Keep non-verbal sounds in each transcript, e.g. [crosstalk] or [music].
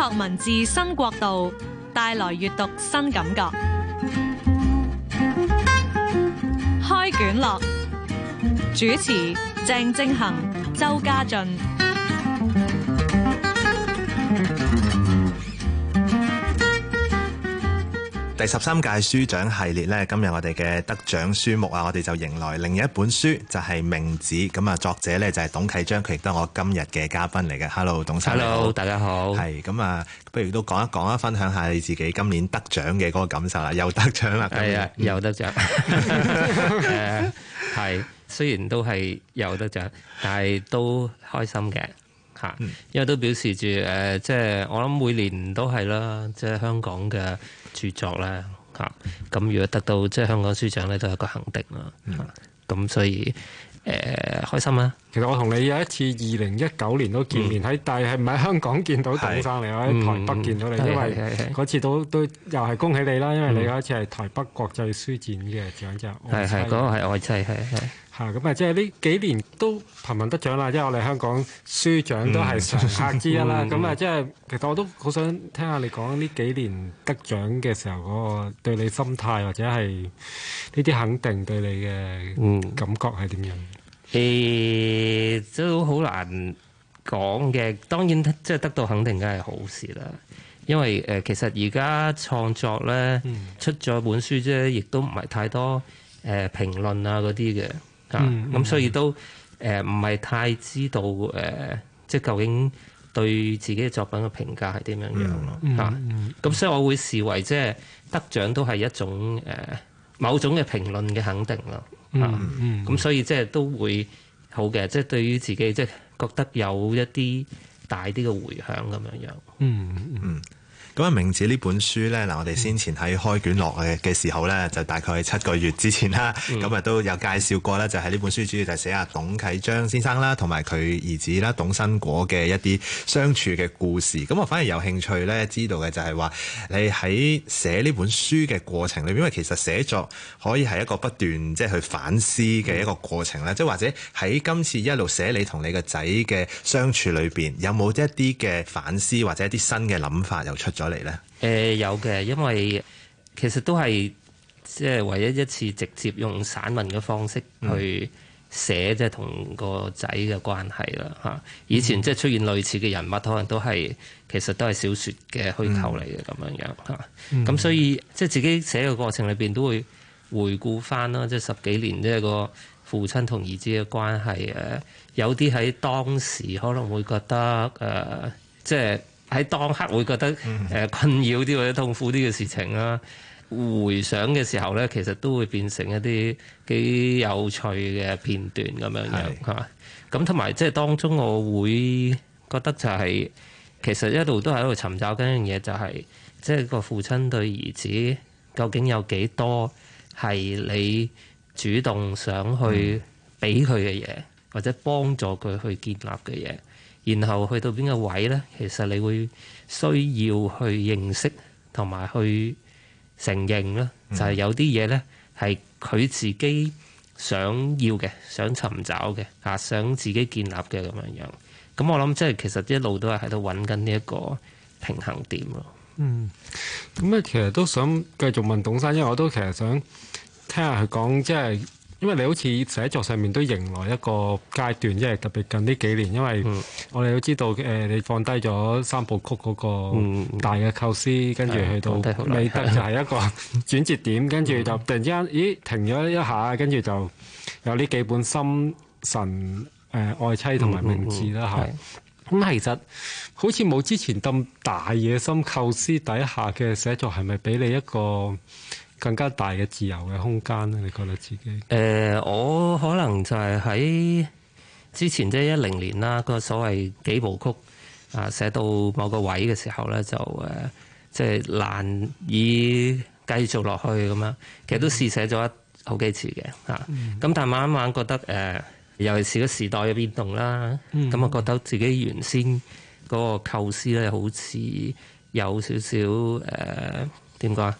學文字新國度，帶來閱讀新感覺。開卷樂，主持鄭政恆、周家俊。第十三屆書獎系列咧，今日我哋嘅得獎書目啊，我哋就迎來另一本書，就係《命子》咁啊，作者呢，就係董啟章，佢亦都係我今日嘅嘉賓嚟嘅。Hello，董啟章。Hello，大家好。係咁啊，不如都講一講啊，分享下你自己今年得獎嘅嗰個感受啦。又得獎啦，係啊、哎呀，又天得獎。係，雖然都係有得獎，但係都開心嘅。吓，嗯、因為都表示住誒、呃、即係我諗每年都係啦，即係香港嘅著作啦吓，咁、嗯、如果得到即係香港書獎咧，都係一個肯定啦。咁、嗯啊、所以誒、呃、開心啦～其實我同你有一次二零一九年都見面喺，嗯、但係唔係香港見到董生你，喺是台北見到你，嗯、因為嗰次都都又係恭喜你啦，嗯、因為你有一次係台北國際書展嘅獎，嗯、就係係嗰個係愛妻係係吓咁啊！即係呢幾年都頻頻得獎啦，即係我哋香港書獎都係常客之一啦！咁啊、嗯，即係其實我都好想聽下你講呢幾年得獎嘅時候嗰個對你心態或者係呢啲肯定對你嘅感覺係點樣？嗯誒、欸，都好難講嘅。當然，即係得到肯定，梗係好事啦。因為誒、呃，其實而家創作咧，嗯、出咗本書啫，亦都唔係太多誒評論啊嗰啲嘅。咁、啊嗯嗯、所以都誒唔係太知道誒、呃，即係究竟對自己嘅作品嘅評價係點樣樣咯。咁所以我會視為即係得獎都係一種誒、呃、某種嘅評論嘅肯定咯。嗯，咁所以即係都會好嘅，即係對於自己即係覺得有一啲大啲嘅迴響噉樣樣。嗯嗯。 [noise] 咁啊，命子呢本書咧嗱，我哋先前喺開卷樂嘅嘅時候咧，就大概七個月之前啦，咁啊都有介紹過啦，就係、是、呢本書主要就係寫下董啟章先生啦，同埋佢兒子啦董新果嘅一啲相處嘅故事。咁我反而有興趣咧，知道嘅就係話，你喺寫呢本書嘅過程裏邊，因為其實寫作可以係一個不斷即係去反思嘅一個過程啦，即係、嗯、或者喺今次一路寫你同你個仔嘅相處裏邊有冇一啲嘅反思或者一啲新嘅諗法又出咗嚟咧？誒、呃、有嘅，因為其實都係即係唯一一次直接用散文嘅方式去寫，即係同個仔嘅關係啦嚇。嗯、以前即係出現類似嘅人物，可能都係其實都係小説嘅虛構嚟嘅咁樣樣嚇。咁、嗯、所以即係、就是、自己寫嘅過程裏邊都會回顧翻囉，即、就、係、是、十幾年即係個父親同兒子嘅關係誒。有啲喺當時可能會覺得誒，即、呃、係。就是喺當刻會覺得誒困擾啲或者痛苦啲嘅事情啦，嗯、回想嘅時候咧，其實都會變成一啲幾有趣嘅片段咁樣樣嚇。咁同埋即係當中，我會覺得就係、是、其實一路都喺度尋找緊一樣嘢，就係即係個父親對兒子究竟有幾多係你主動想去俾佢嘅嘢，嗯、或者幫助佢去建立嘅嘢。然後去到邊個位呢？其實你會需要去認識同埋去承認啦，嗯、就係有啲嘢呢係佢自己想要嘅、想尋找嘅、啊想自己建立嘅咁樣樣。咁我諗即係其實一路都係喺度揾緊呢一個平衡點咯。嗯，咁啊，其實都想繼續問董生，因為我都其實想聽下佢講即係。因為你好似寫作上面都迎來一個階段，即係特別近呢幾年，因為我哋都知道，誒、呃、你放低咗三部曲嗰個大嘅構思，嗯嗯、跟住去到美德就係、是、一個轉折點，跟住就突然之間，咦，停咗一下，跟住就有呢幾本心神誒、呃、愛妻同埋命子》啦吓、嗯。咁、嗯嗯嗯、其實好似冇之前咁大野心構思底下嘅寫作，係咪俾你一個？更加大嘅自由嘅空間咧，你覺得自己？誒、呃，我可能就係喺之前即係一零年啦，嗰個所謂幾部曲啊，寫到某個位嘅時候咧，就誒即係難以繼續落去咁樣。其實都試寫咗、嗯、好幾次嘅嚇，咁、啊嗯、但係慢慢覺得誒、啊，尤其是個時代嘅變動啦，咁我、嗯嗯、覺得自己原先嗰個構思咧，好似有少少誒點講啊？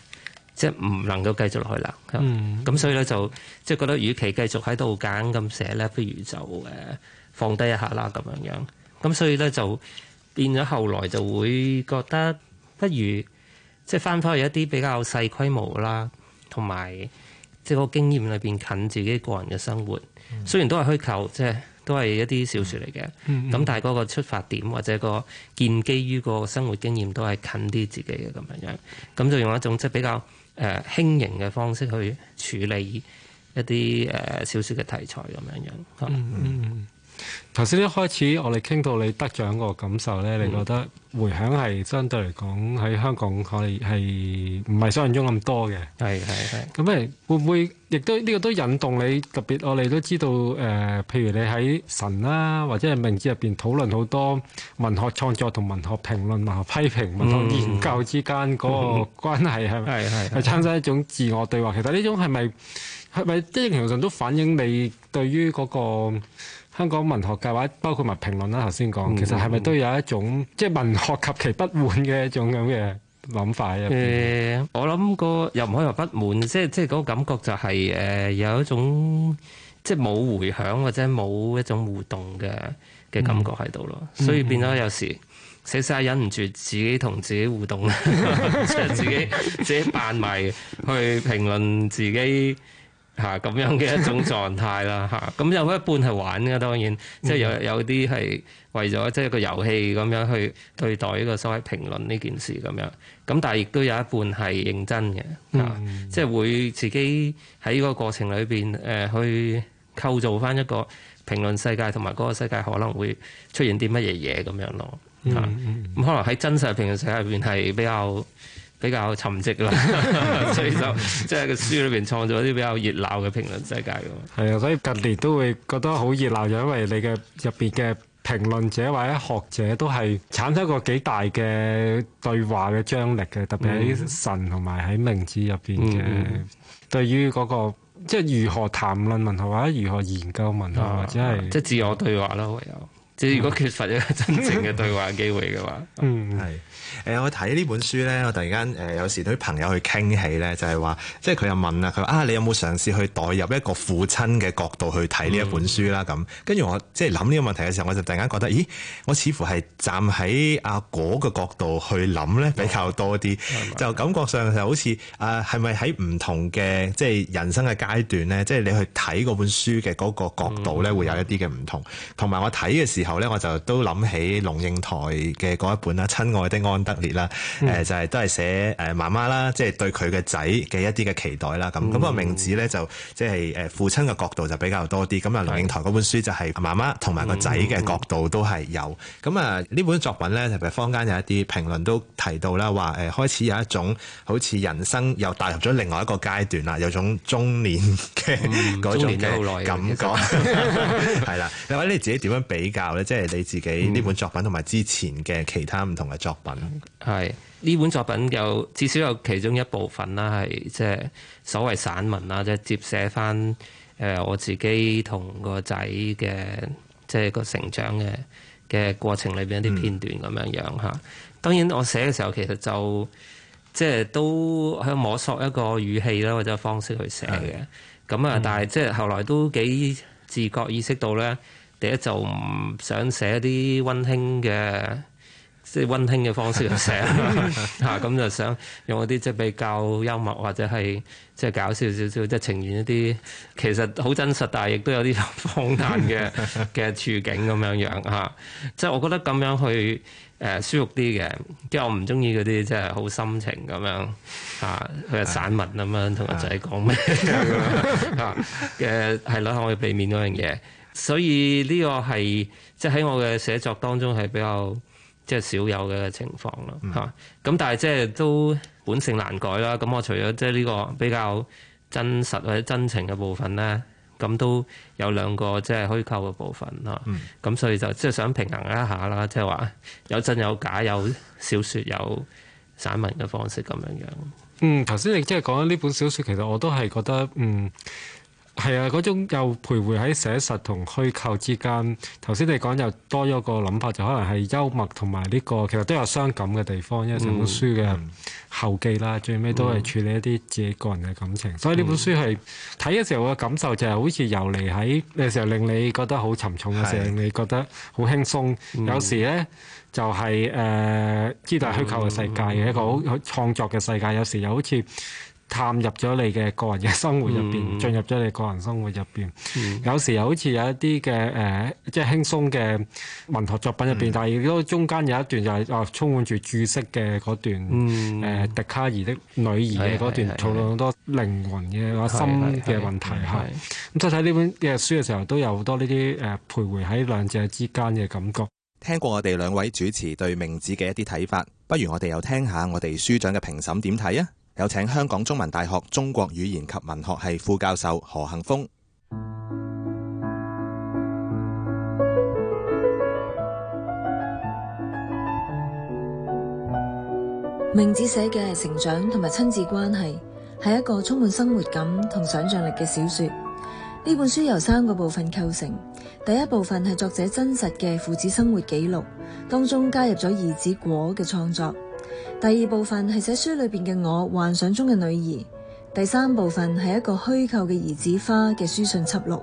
即係唔能夠繼續落去啦。咁、嗯、所以咧就即係覺得，與其繼續喺度揀咁寫咧，不如就誒、呃、放低一下啦。咁樣樣咁所以咧就變咗後來就會覺得，不如即係翻返去一啲比較細規模啦，同埋即係個經驗裏邊近自己個人嘅生活。嗯、雖然都係虛構，即係都係一啲小説嚟嘅。咁、嗯嗯、但係嗰個出發點或者個建基於個生活經驗都係近啲自己嘅咁樣樣。咁就用一種即係比較。誒、呃、輕盈嘅方式去處理一啲誒小說嘅題材咁樣樣。嗯嗯嗯。頭先一開始我哋傾到你得獎個感受呢，你覺得回響係相對嚟講喺香港可能係唔係想像中咁多嘅？係係係。咁誒，會唔會亦都呢個都引動你？特別我哋都知道誒，譬如你喺神啦，或者係名字入邊討論好多文學創作同文學評論、文學批評、文學研究之間嗰個關係係咪？係係產生一種自我對話。其實呢種係咪？係咪即係平常都反映你對於嗰個香港文學界，或者包括埋評論啦？頭先講其實係咪都有一種即係文學及其不滿嘅一種咁嘅諗法？誒，我諗過又唔可以話不滿，即係即係嗰個感覺就係誒有一種即係冇回響或者冇一種互動嘅嘅感覺喺度咯，所以變咗有時寫寫下忍唔住自己同自己互動，自己自己扮埋去評論自己。嚇咁 [laughs] [laughs] 樣嘅一種狀態啦嚇，咁、嗯 [laughs] 嗯、有一半係玩嘅，當然即係有有啲係為咗即係個遊戲咁樣去對待呢個所謂評論呢件事咁樣。咁但係亦都有一半係認真嘅嚇，嗯嗯、即係會自己喺呢個過程裏邊誒去構造翻一個評論世界同埋嗰個世界可能會出現啲乜嘢嘢咁樣咯嚇。咁可能喺真實評論世界入邊係比較比較沉寂啦， [laughs] 所以就即係、就是、個書裏邊創造一啲比較熱鬧嘅評論世界嘅嘛。係啊， [laughs] 所以近年都會覺得好熱鬧，就因為你嘅入邊嘅評論者或者學者都係產生一個幾大嘅對話嘅張力嘅，特別係啲神同埋喺名字入邊嘅。嗯、對於嗰、那個即係、就是、如何談論文化或者如何研究文化、嗯、或者係即係自我對話咯，唯有、嗯、即係如果缺乏一個真正嘅對話機會嘅話， [laughs] 嗯，係。誒、呃、我睇呢本書呢，我突然間誒、呃、有時對朋友去傾起呢，就係、是、話，即係佢又問,問啊，佢話啊你有冇嘗試去代入一個父親嘅角度去睇呢一本書啦？咁跟住我即係諗呢個問題嘅時候，我就突然間覺得，咦，我似乎係站喺阿、啊、果嘅角度去諗呢比較多啲，嗯、就感覺上就好似誒係咪喺唔同嘅即係人生嘅階段呢？即係你去睇嗰本書嘅嗰個角度呢，嗯、會有一啲嘅唔同。同埋我睇嘅時候呢，我就都諗起龍應台嘅嗰一本啦，《親愛的安》。得列啦，誒、嗯、就係都係寫誒媽媽啦，即係對佢嘅仔嘅一啲嘅期待啦，咁咁個名字咧，就即係誒父親嘅角度就比較多啲，咁啊、嗯龍應台嗰本書就係媽媽同埋個仔嘅角度都係有，咁、嗯嗯、啊呢本作品咧，特別坊間有一啲評論都提到啦，話誒、呃、開始有一種好似人生又踏入咗另外一個階段啦，有種中年嘅嗰種感覺，係啦、嗯，又或者你自己點樣比較咧？即、就、係、是、你自己呢本作品同埋之前嘅其他唔同嘅作品。係呢本作品有至少有其中一部分啦，係即係所謂散文啦，即係接寫翻誒、呃、我自己同個仔嘅即係個成長嘅嘅過程裏邊一啲片段咁樣樣吓。嗯、當然我寫嘅時候其實就即係都喺度摸索一個語氣啦，或者方式去寫嘅。咁啊、嗯，但係即係後來都幾自覺意識到咧，第一就唔想寫啲溫馨嘅。即係溫馨嘅方式去寫嚇，咁、 [laughs] [laughs] 嗯、就想用一啲即係比較幽默或者係即係搞笑少少，即係呈現一啲其實好真實，但係亦都有啲荒誕嘅嘅處境咁樣樣嚇、嗯。即係我覺得咁樣去誒、呃、舒服啲嘅，因為我唔中意嗰啲即係好心情咁樣嚇，佢、嗯、散文咁樣同個仔講咩啊嘅係咯，我要避免嗰樣嘢，所以呢個係即係喺我嘅寫作當中係比較。即係少有嘅情況咯嚇，咁、嗯、但係即係都本性難改啦。咁我除咗即係呢個比較真實或者真情嘅部分咧，咁都有兩個即係虛構嘅部分嚇。咁、嗯、所以就即係想平衡一下啦，即係話有真有假，有小説有散文嘅方式咁樣樣。嗯，頭先你即係講緊呢本小説，其實我都係覺得嗯。係啊，嗰種又徘徊喺寫實同虛構之間。頭先你講又多咗個諗法，就可能係幽默同埋呢個，其實都有傷感嘅地方。因為成本書嘅後記啦，嗯、最尾都係處理一啲自己個人嘅感情。嗯、所以呢本書係睇嘅時候嘅感受就係好似游離喺有時候，令你覺得好沉重嘅時候，是令你覺得好輕鬆。嗯、有時咧就係、是、誒、呃，知道虛構嘅世界係、嗯嗯、一個好創作嘅世界，有時又好似。探入咗你嘅個人嘅生活入邊，進入咗你個人生活入邊，有時又好似有一啲嘅誒，即係輕鬆嘅文學作品入邊，但係亦都中間有一段就係哦，充滿住注釋嘅嗰段誒，笛卡爾的女兒嘅嗰段，討論好多靈魂嘅或心嘅問題嚇。咁再睇呢本嘅書嘅時候，都有好多呢啲誒徘徊喺兩者之間嘅感覺。聽過我哋兩位主持對命子嘅一啲睇法，不如我哋又聽下我哋書獎嘅評審點睇啊！有請香港中文大學中國語言及文學系副教授何杏峰。命子寫嘅係成長同埋親子關係，係一個充滿生活感同想象力嘅小說。呢本書由三個部分構成，第一部分係作者真實嘅父子生活記錄，當中加入咗兒子果嘅創作。第二部分係寫書裏邊嘅我幻想中嘅女兒，第三部分係一個虛構嘅兒子花嘅書信輯錄，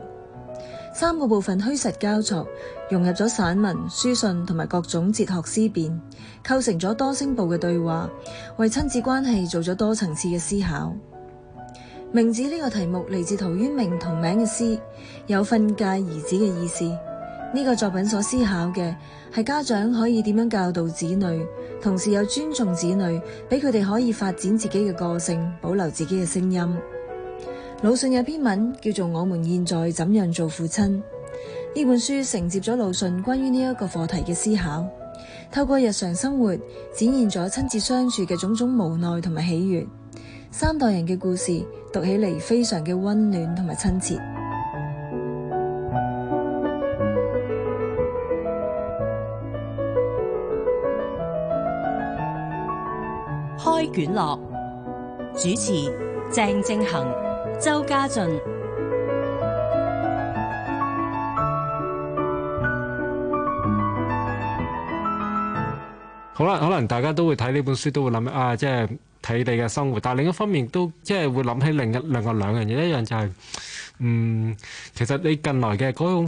三個部分虛實交錯，融入咗散文、書信同埋各種哲學思辨，構成咗多聲部嘅對話，為親子關係做咗多層次嘅思考。命子呢個題目嚟自陶淵明同名嘅詩，有訓誡兒子嘅意思。呢個作品所思考嘅係家長可以點樣教導子女，同時又尊重子女，俾佢哋可以發展自己嘅個性，保留自己嘅聲音。魯迅有篇文叫做《我們現在怎樣做父親》。呢本書承接咗魯迅關於呢一個課題嘅思考，透過日常生活展現咗親子相處嘅種種無奈同埋喜悅，三代人嘅故事讀起嚟非常嘅溫暖同埋親切。開卷樂，主持鄭正,正恒、周家俊。好啦，可能大家都會睇呢本書，都會諗啊，即係睇你嘅生活。但係另一方面都，都即係會諗起另一另外兩個兩樣嘢。一樣就係、是，嗯，其實你近來嘅嗰種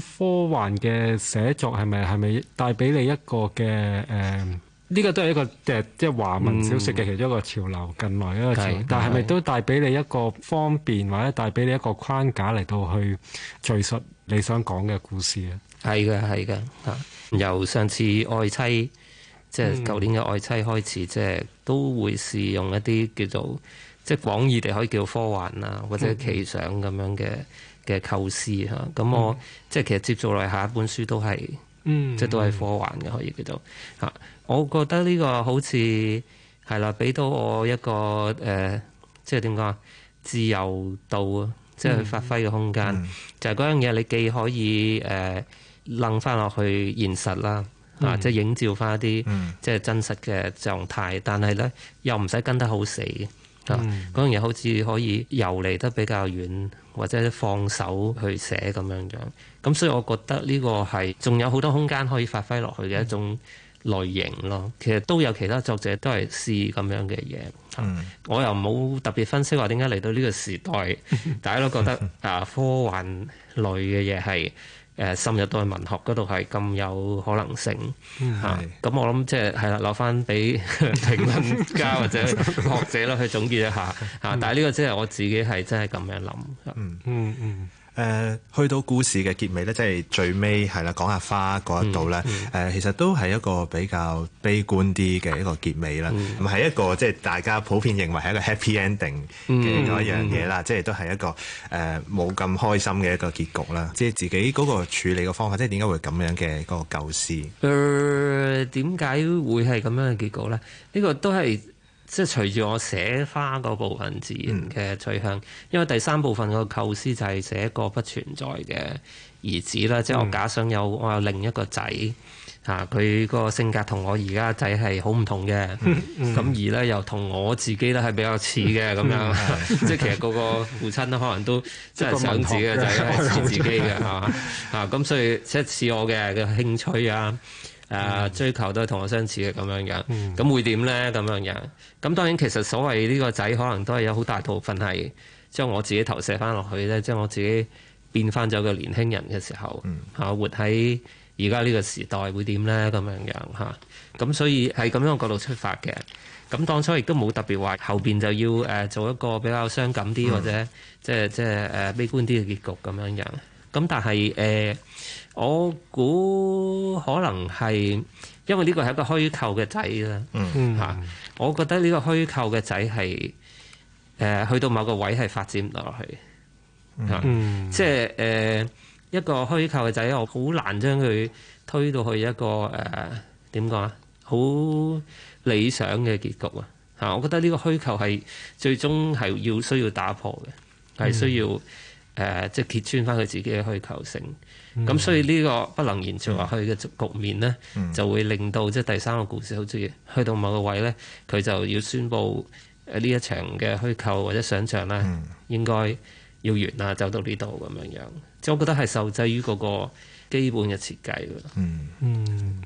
科幻嘅寫作是是，係咪係咪帶俾你一個嘅誒？呃呢個都係一個即即係華文小說嘅其中一個潮流，嗯、近來一個潮。但係咪都帶俾你一個方便，或者帶俾你一個框架嚟到去敍述你想講嘅故事咧？係嘅，係嘅。嚇，由上次《愛妻》，即係舊年嘅《愛妻》開始，即係、嗯、都會試用一啲叫做即係廣義地可以叫科幻啊，或者奇想咁樣嘅嘅、嗯、構思嚇。咁、嗯、我即係、就係、其實接落嚟下一本書都係。嗯，嗯即係都係科幻嘅可以叫做嚇，我覺得呢個好似係啦，俾到我一個誒、呃，即係點講啊？自由度啊，嗯、即係去發揮嘅空間。嗯、就係嗰樣嘢，你既可以誒掟翻落去現實啦，嚇、啊嗯、即係映照翻一啲即係真實嘅狀態，但係咧又唔使跟得好死嘅嚇。嗰、啊嗯嗯、樣嘢好似可以游離得比較遠。或者放手去寫咁樣樣，咁所以我覺得呢個係仲有好多空間可以發揮落去嘅一種類型咯。其實都有其他作者都係試咁樣嘅嘢。嗯，我又冇特別分析話點解嚟到呢個時代， [laughs] 大家都覺得啊科幻類嘅嘢係。誒深入到去文學嗰度係咁有可能性嚇，咁、嗯啊、我諗即係係啦，留翻俾評論家或者學者啦去總結一下嚇，啊嗯、但係呢個即係我自己係真係咁樣諗、啊嗯嗯。嗯嗯嗯。誒去到故事嘅結尾咧，即係最尾係啦，講下花嗰一度咧。誒其實都係一個比較悲觀啲嘅一個結尾啦。唔係一個即係大家普遍認為係一個 happy ending 嘅嗰一樣嘢啦。即係都係一個誒冇咁開心嘅一個結局啦。即係自己嗰個處理嘅方法，即係點解會咁樣嘅嗰個構思？誒點解會係咁樣嘅結局咧？呢個都係。即係隨住我寫花嗰部分自然嘅取向，嗯、因為第三部分個構思就係寫一個不存在嘅兒子啦，嗯、即係我假想有我有另一個仔，嚇佢個性格我同我，嗯嗯、而家仔係好唔同嘅，咁而咧又同我自己咧係比較似嘅咁樣，嗯、即係其實個個父親都可能都即係想自己嘅仔，似自己嘅嚇嚇，咁所以即係似我嘅嘅興趣啊。誒、啊、追求都係同我相似嘅咁樣、嗯、樣，咁會點呢？咁樣樣，咁當然其實所謂呢個仔可能都係有好大部分係將我自己投射翻落去咧，將我自己變翻咗個年輕人嘅時候嚇、嗯啊、活喺而家呢個時代會點呢？咁樣樣嚇，咁、啊、所以係咁樣個角度出發嘅，咁、啊、當初亦都冇特別話後邊就要誒、呃、做一個比較傷感啲、嗯、或者即係即係、呃、悲觀啲嘅結局咁樣樣。咁但係誒、呃，我估可能係因為呢個係一個虛構嘅仔啦，嚇！我覺得呢個虛構嘅仔係誒去到某個位係發展唔落去，嚇、啊！嗯、即係誒、呃、一個虛構嘅仔，我好難將佢推到去一個誒點講啊？好、呃、理想嘅結局啊！嚇！我覺得呢個虛構係最終係要需要打破嘅，係需要。嗯誒、啊，即係揭穿翻佢自己嘅虛構性，咁、嗯、所以呢個不能延續落去嘅局面呢，嗯、就會令到即係第三個故事，好似去到某個位呢，佢就要宣布呢一場嘅虛構或者想像呢、嗯、應該要完啦，走到呢度咁樣樣。即係我覺得係受制於嗰個基本嘅設計㗎、嗯。嗯，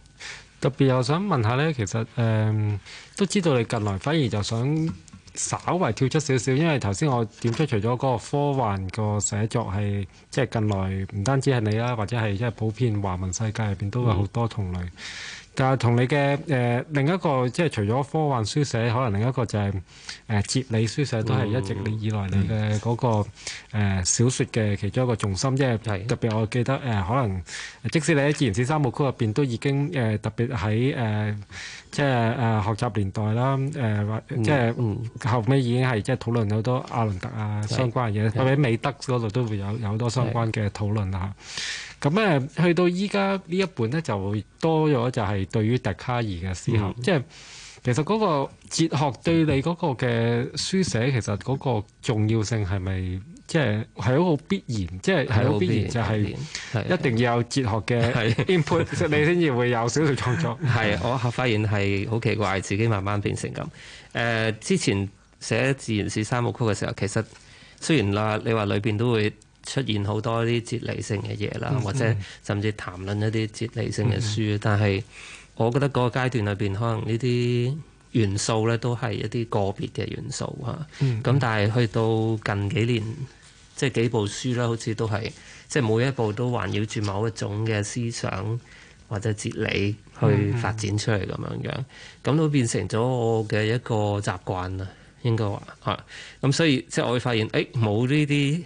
特別又想問下呢，其實誒、嗯、都知道你近來反而就想。稍微跳出少少，因為頭先我點出除咗嗰個科幻個寫作係，即係近來唔單止係你啦，或者係即係普遍華文世界入邊都有好多同類。但係同你嘅誒、呃、另一個即係除咗科幻書寫，可能另一個就係、是、誒、呃、哲理書寫，都係一直以來你嘅嗰個、嗯那個呃、小説嘅其中一個重心。即係、嗯、特別，我記得誒、呃、可能即使你喺自然史三部曲入邊都已經誒特別喺誒即係誒學習年代啦誒，即係後尾已經係即係討論好多亞倫特啊相關嘅嘢，或者美德嗰度都會有有好多相關嘅討論啦。啊咁咧，去到依家呢一本咧，就多咗就係對於笛卡爾嘅思考。嗯、即係其實嗰個哲學對你嗰個嘅書寫，嗯、其實嗰個重要性係咪？即係係一個必然，即係係一定要有哲學嘅 input，你先至會有少少創作。係，我發現係好奇怪，自己慢慢變成咁。誒、呃，之前寫自然史三部曲嘅時候，其實雖然啦，你話裏邊都會，出現好多啲哲理性嘅嘢啦，嗯嗯，或者甚至談論一啲哲理性嘅書。嗯嗯，但係我覺得嗰個階段裏邊，可能呢啲元素咧都係一啲個別嘅元素嚇。咁、嗯嗯嗯、但係去到近幾年，即係幾部書咧，好似都係即係每一部都環繞住某一種嘅思想或者哲理去發展出嚟咁、嗯嗯嗯、樣樣。咁都變成咗我嘅一個習慣啦，應該話嚇。咁、啊、所以即係我會發現，誒冇呢啲。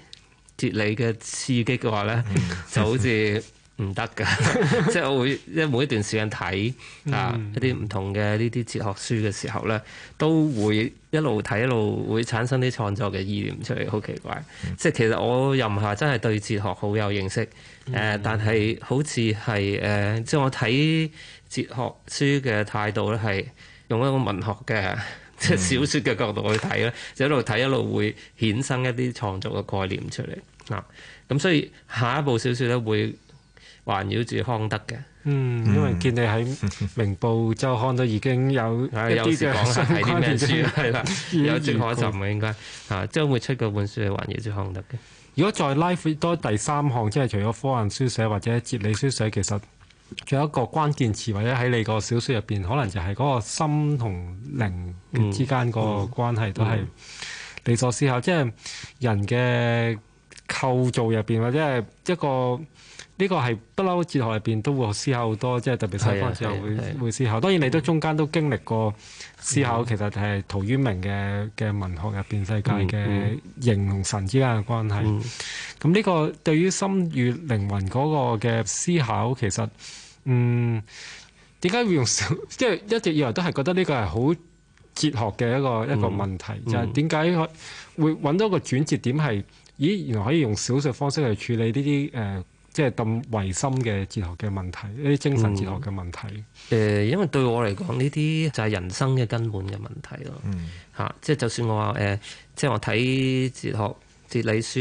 哲理嘅刺激嘅話呢，mm. [laughs] 就好似唔得㗎， [laughs] 即係我會一每一段時間睇、mm. 啊一啲唔同嘅呢啲哲學書嘅時候呢，都會一路睇一路會產生啲創作嘅意念出嚟，好奇怪。Mm. 即係其實我又唔係真係對哲學好有認識，誒、呃，mm. 但係好似係誒，即係我睇哲學書嘅態度呢，係用一個文學嘅。即係小說嘅角度去睇咧，就、嗯、一路睇一路會衍生一啲創作嘅概念出嚟嗱。咁、啊、所以下一部小說咧會環繞住康德嘅。嗯，因為見你喺《明報週刊》都已經有有啲嘅相關嘅、嗯嗯、書係啦， [laughs] 吧 [laughs] 有最就唔嘅應該嚇、啊。將會出嗰本書去環繞住康德嘅。如果再拉闊多第三項，即係除咗科幻書寫或者哲理書寫，其實～仲有一個關鍵詞，或者喺你個小說入邊，可能就係嗰個心同靈之間個關係、嗯嗯、都係，你所思考，即係、嗯、人嘅構造入邊或者係一個。呢個係不嬲，哲學入邊都會思考好多，即係特別西方哲學會會思考。當然你都中間都經歷過思考，其實係陶淵明嘅嘅文學入邊世界嘅形同神之間嘅關係。咁呢個對於心與靈魂嗰個嘅思考，其實嗯點解，會用小即係一直以來都係覺得呢個係好哲學嘅一個一個問題，就係點解會揾到一個轉折點係？咦，原來可以用小説方式去處理呢啲誒。即係咁唯心嘅哲學嘅問題，一啲精神哲學嘅問題。誒、嗯呃，因為對我嚟講，呢啲就係人生嘅根本嘅問題咯。嚇、嗯啊，即係就算我話誒、呃，即係我睇哲學哲理書，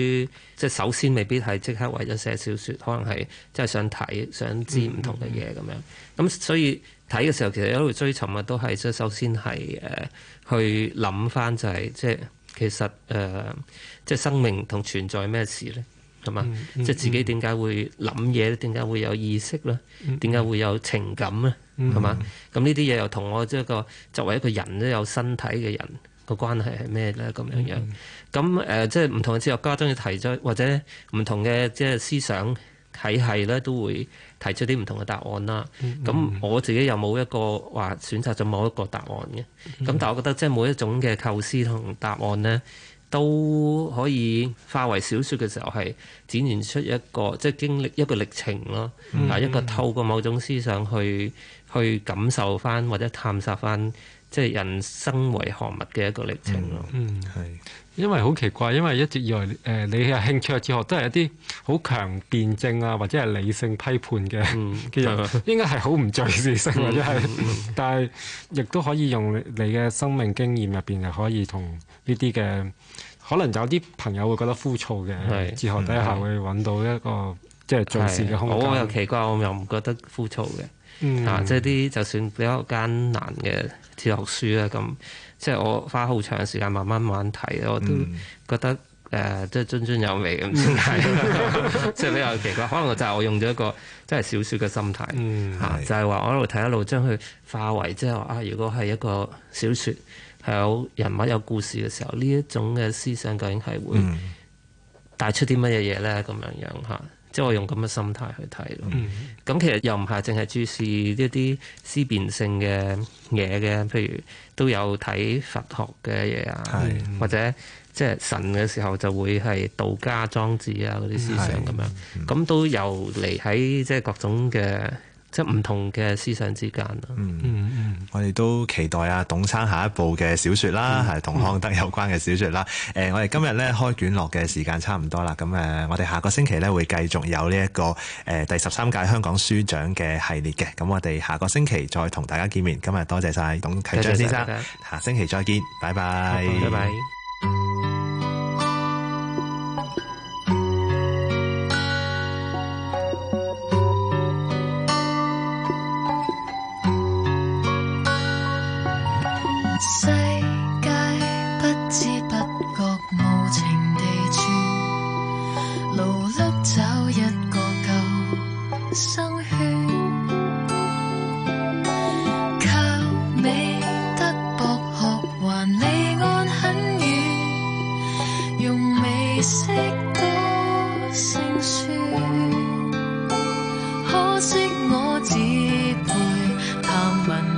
即係首先未必係即刻為咗寫小說，可能係即係想睇、想知唔同嘅嘢咁樣。咁所以睇嘅時候，其實一路追尋啊，都係即係首先係誒、呃、去諗翻、就係，就係即係其實誒、呃，即係生命同存在咩事咧？係嘛？即係、嗯嗯嗯、自己點解會諗嘢咧？點解會有意識咧？點解、嗯嗯、會有情感咧？係嘛、嗯？咁呢啲嘢又同我即係個作為一個人咧，有身體嘅人個關係係咩咧？咁樣樣咁誒，嗯呃嗯、即係唔同嘅哲學家中要提出，或者唔同嘅即係思想體系咧，都會提出啲唔同嘅答案啦。咁、嗯嗯、我自己又冇一個話選擇咗某一個答案嘅？咁但係我覺得即係每一種嘅構思同答案咧。都可以化為小說嘅時候，係展現出一個即係、就是、經歷一個歷程咯，啊、嗯、一個透過某種思想去去感受翻或者探索翻即係人生為何物嘅一個歷程咯、嗯。嗯，係，因為好奇怪，因為一直以來誒、呃，你嘅興趣嘅哲學都係一啲好強辯證啊，或者係理性批判嘅，嘅、嗯， [laughs] 應該係好唔敘事性或者係，嗯嗯、但係亦都可以用你嘅生命經驗入邊，又可以同呢啲嘅，可能有啲朋友會覺得枯燥嘅，哲是學底下會揾到一個即係是是敘事嘅空間。我又奇怪，我又唔覺得枯燥嘅。啊！即係啲就算比較艱難嘅哲學書啦，咁即係我花好長嘅時間慢慢慢睇，我都覺得誒，即係津津有味咁先睇，即係比較奇怪。可能就係我用咗一個即係小說嘅心態，吓、嗯、就係話我一路睇一路將佢化為即係話啊，如果係一個小說係有人物有故事嘅時候，呢一種嘅思想究竟係會帶出啲乜嘢嘢咧？咁樣樣吓。即係我用咁嘅心態去睇咯，咁其實又唔係淨係注視呢一啲思辨性嘅嘢嘅，譬如都有睇佛學嘅嘢啊，嗯、或者即係神嘅時候就會係道家莊子啊嗰啲思想咁樣，咁、嗯嗯、都由嚟喺即係各種嘅。即係唔同嘅思想之間啦。嗯嗯嗯，嗯嗯我哋都期待啊，董生下一部嘅小說啦，係同康德有關嘅小說啦。誒、嗯呃，我哋今日咧開卷樂嘅時間差唔多啦。咁、嗯、誒，我哋下個星期咧會繼續有呢、這、一個誒、呃、第十三屆香港書獎嘅系列嘅。咁、嗯、我哋下個星期再同大家見面。今日多謝晒董啟章，Sir，啟章先生。下星期再見，拜拜，拜拜。拜拜。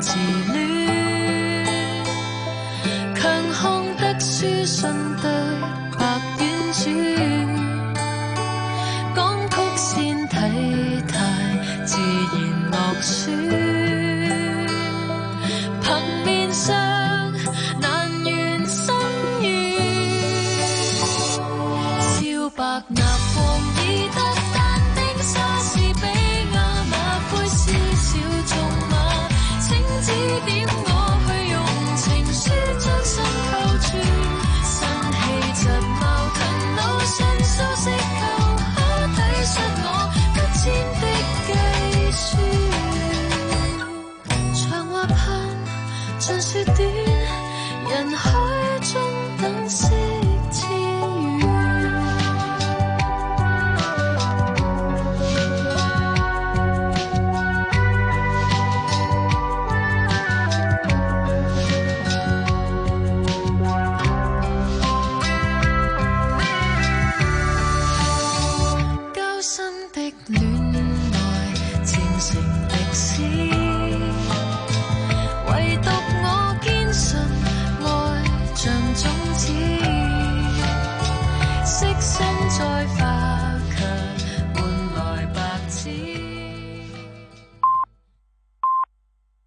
自戀。人海中等星。